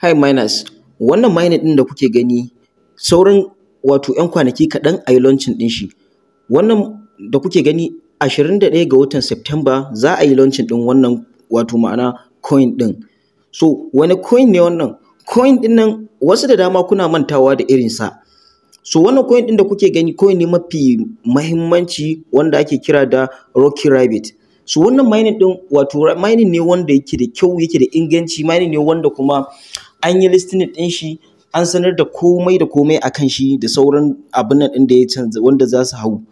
Hi miners, wannan mining ɗin da kuke gani sauran wato ‘yan kwanaki kaɗan a yi launching ɗin shi. Wannan da kuke gani 21 ga watan September za a yi launching ɗin wannan wato ma'ana coin ɗin. So wani coin ne wannan? Coin ɗin nan wasu da dama kuna mantawa da irinsa. So wannan coin ɗin da kuke gani coin ne mafi mahimmanci wanda ake kira da Rocky Rabbit. So wannan mining ɗin wato mining ne wanda yake da kyau yake da inganci mining ne wanda kuma an yi listening ɗin shi an sanar da komai da komai akan shi da sauran abin nan ɗin da ya canza wanda za su hau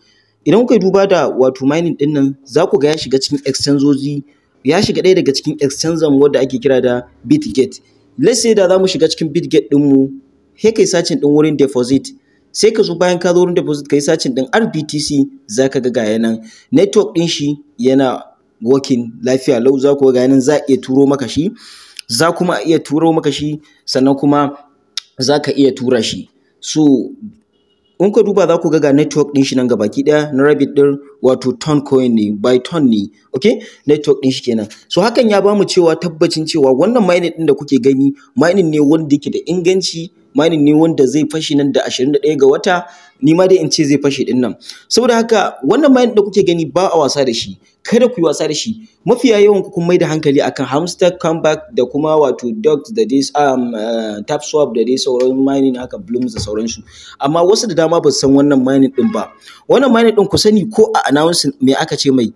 idan kuka duba da wato mining ɗin nan za ku ga ya shiga cikin exchangeoji ya shiga ɗaya daga cikin exchangen wanda ake kira da bitgate let's say da za mu shiga cikin bitgate mu sai kai sacin ɗin wurin deposit sai ka zo bayan ka zo wurin deposit ka yi sacin ɗin rbtc za ka ga gaya nan network ɗin shi yana working lafiya lau za ku ga nan za a iya turo maka shi za kuma a iya turo maka shi sannan kuma za ka iya tura shi so in ka duba za ku ga network ɗin shi nan gabaki ɗaya na rabbit ɗin wato ton coin ne by ton ne okay network ɗin shi kenan so hakan ya bamu cewa tabbacin cewa wannan mining ɗin da kuke gani mining ne wanda yake da inganci Manin ne wanda zai fashi nan da 21 ga wata ni ma dai in ce zai fashe din nan saboda haka wannan mayan da kuke gani ba a wasa da shi kada ku yi wasa da shi mafiya yawan ku mai da hankali akan hamster comeback da kuma wato dogs da dai um, eh, tap swap da dai sauran mining haka blooms da sauransu amma wasu da dama ba su san wannan mining din ba wannan mining din ku sani ko a announcing me aka ce mai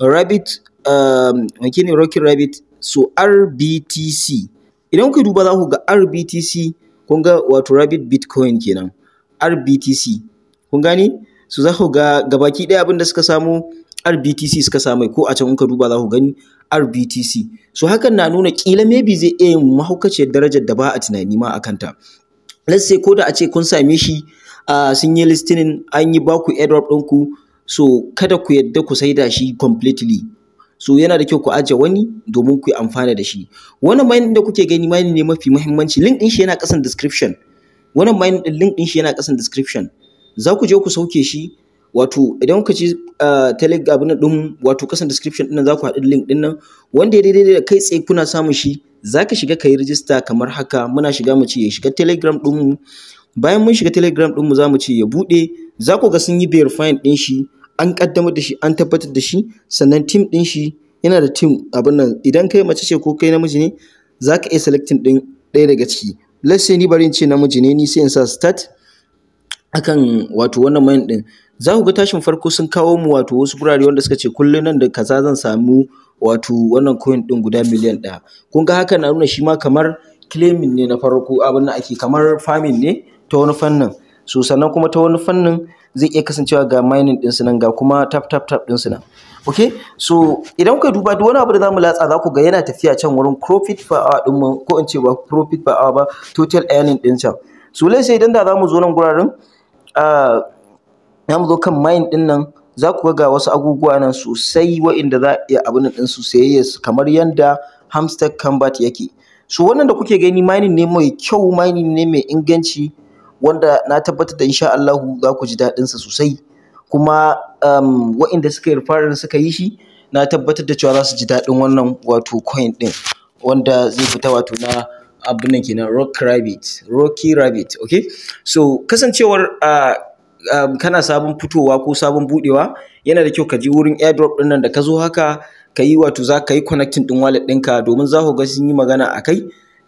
rabbit um, ne rocky rabbit so rbtc idan ku duba za ku ga rbtc kun ga wato rabbit bitcoin kenan rbtc kun gani su za ku ga gabaki ɗaya abin da suka samu rbtc suka samai ko a can kuka duba za ku gani rbtc so hakan na nuna kila maybe zai iya yin mahaukaciyar darajar da ba a tunani ma a kanta let's say ko da a ce kun same shi uh, sun yi listening an yi baku airdrop ɗinku so kada ku yadda ku saida shi completely so yana da kyau ku ajiye wani domin ku yi amfana da shi wannan mining da kuke gani mining ne mafi muhimmanci link din shi yana kasan description wannan mining din link din shi yana kasan description za ku je ku sauke shi wato idan kuka ci telegram abin din wato kasan description din za ku haɗu link din nan wanda ya daidai da kai tsaye kuna samun shi za ka shiga ka yi rijista kamar haka muna shiga mu ce ya shiga telegram din bayan mun shiga telegram ɗinmu mu za mu ce ya buɗe za ku ga sun yi verifying din shi an kaddamar da shi an tabbatar da shi sannan tim ɗin shi yana da tim abin nan idan kai mace ce ko kai namiji ne za ka iya selecting din ɗaya daga ciki let's say ni bari in ce namiji ne ni sai in sa start akan wato wannan main ɗin za ku ga tashin farko sun kawo mu wato wasu gurare wanda suka ce kullum nan da kaza zan samu wato wannan coin ɗin guda miliyan ɗaya kun ga haka na nuna shi ma kamar claiming ne na farko abin da ake kamar farming ne ta wani fannin so sannan kuma ta wani fannin zai iya kasancewa ga mining din su nan ga kuma tap tap tap din su nan okay so idan kuka duba duk wani abu da zamu latsa za ku ga yana tafiya can wurin profit per hour din mu ko in ce ba profit per hour ba total earning din can so lai sai idan da zamu zo nan guraren uh, ah, zamu zo kan mine din nan za ku ga wasu abubuwa nan sosai wa'inda za a iya abin din su sayayya kamar yanda hamster combat yake so wannan da kuke gani mining ne mai kyau mining ne mai inganci wanda na tabbatar da insha Allahu za ku ji sa sosai kuma um, wa'inda suka yi da suka yi shi na tabbatar da cewa za su ji daɗin wannan wato coin ɗin wanda zai fita wato na abin nan kenan rock rabbit rocky rabbit okay so kasancewar uh, um, kana sabon fitowa ko sabon budewa yana da kyau ka je wurin airdrop ɗin nan da ka zo haka ka yi wato za ka yi connecting ɗin wallet ɗinka domin za ku ga sun yi magana a kai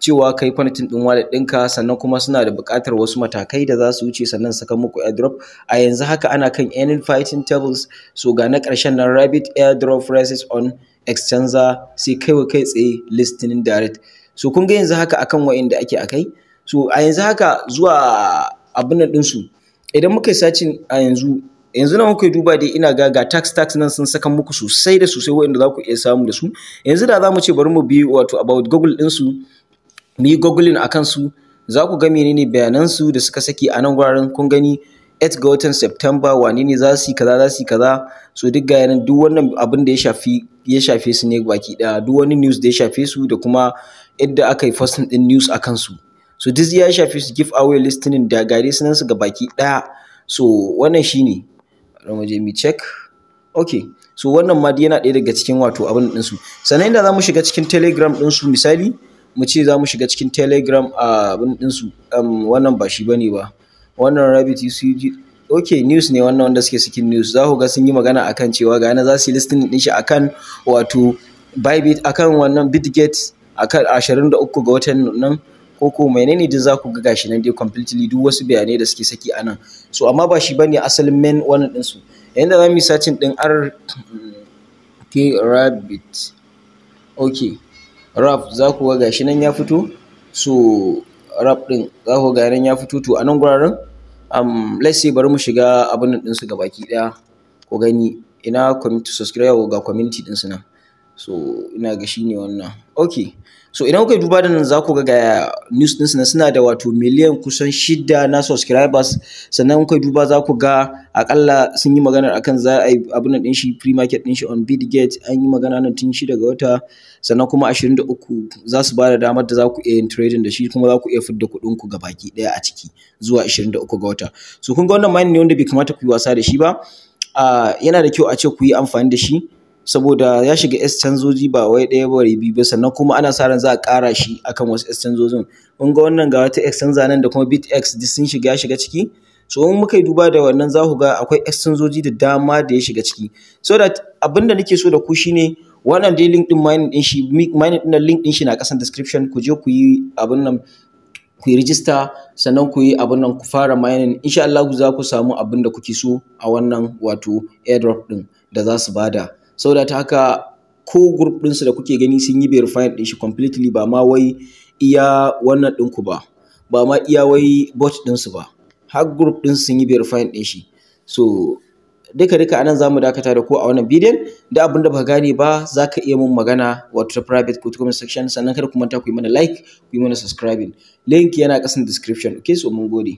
cewa kai kwanatin din wallet ɗinka sannan kuma suna da buƙatar wasu matakai da za su wuce sannan saka muku airdrop a yanzu haka ana kan any fighting tables so ga na ƙarshen nan rabbit airdrop prices on exchanger sai kai kai tsaye listening direct so kun ga yanzu haka akan wa'inda ake akai so a yanzu haka zuwa abin nan ɗinsu idan muka yi sacin a yanzu yanzu nan kuka duba dai ina ga ga tax tax nan sun saka muku sosai da sosai wa'inda za ku iya samu da su yanzu da za mu ce bari mu bi wato about google ɗinsu mu yi googling a kansu za ku ga menene bayanansu da suka saki a nan wuraren kun gani 8 ga watan September wane ne za su yi kaza za su yi kaza so duk ga yanar duk wannan abin da ya shafi ya shafe su ne baki daya duk wani news da ya shafe su da kuma yadda aka yi fasting din news a kansu so duk ya shafe su give away listening da gare su nan su ga baki daya so wannan shine ramaje mi check okay so wannan ma yana ɗaya daga cikin wato abin ɗinsu sannan inda za mu shiga cikin telegram su misali mu ce za mu shiga cikin telegram a ɗinsu wannan ba shi ba ne ba wannan rabbit ucg ok news ne wannan wanda suke cikin news za ku ga sun yi magana akan cewa ga yana za su yi listin ɗin shi akan wato bybit akan wannan bitgate akan 23 ga watan nan ko ko menene duk za ku ga gashi nan dai completely duk wasu bayanai da suke saki a nan so amma ba shi bane asalin main wannan din su yayin da za mu yi searching din r k rabbit okay rap za ku ga gashi nan ya fito so rap din za ku ga nan ya fito to a nan guraren um, let's say bari mu shiga abin ɗinsu su gabaki daya ku gani ina community subscribe ga community din su nan so ina ga shi ne wannan ok so idan kuka duba da nan za ku ga ga news din sana suna da wato miliyan kusan shida na subscribers sannan kuka duba za ku ga akalla sun yi magana akan za a yi abin din shi free market din shi on bitget an yi magana nan tun shi daga wata sannan kuma 23 za su ba da damar da za ku iya trading da shi kuma za ku iya fidda kuɗin ku gabaki ɗaya a ciki zuwa 23 ga wata so kun ga wannan mining ne wanda bai kamata ku yi wasa da shi ba ah, yana da kyau a ce ku yi amfani da shi saboda ya shiga canzoji ba wai ɗaya ba biyu ba sannan kuma ana sa ran za a ƙara shi akan wasu canzojin kun ga wannan ga wata X canza nan da kuma bit x duk sun shiga shiga ciki so in muka yi duba da wannan za ku ga akwai X canzoji da dama da ya shiga ciki so that abin da nake so da ku shine wannan dai link din mining din shi mining din link din shi na kasan description ku je ku yi abin nan ku yi rijista sannan ku yi abin nan ku fara mining insha Allah za ku samu abin da kuke so a wannan wato airdrop din da za su bada saboda ta haka ko group ɗinsu da kuke gani sun yi verify ɗin shi completely ba ma wai iya wannan ɗinku ba ba ma iya wai bot ɗinsu ba har group ɗin sun yi verify ɗin shi so duka duka anan zamu dakata da ku a wannan bidiyon da abin da baka gane ba za ka iya mun magana wato ta private ko ta comment section sannan kada ku manta ku yi mana like ku yi mana subscribing link yana ƙasan description okay so mun gode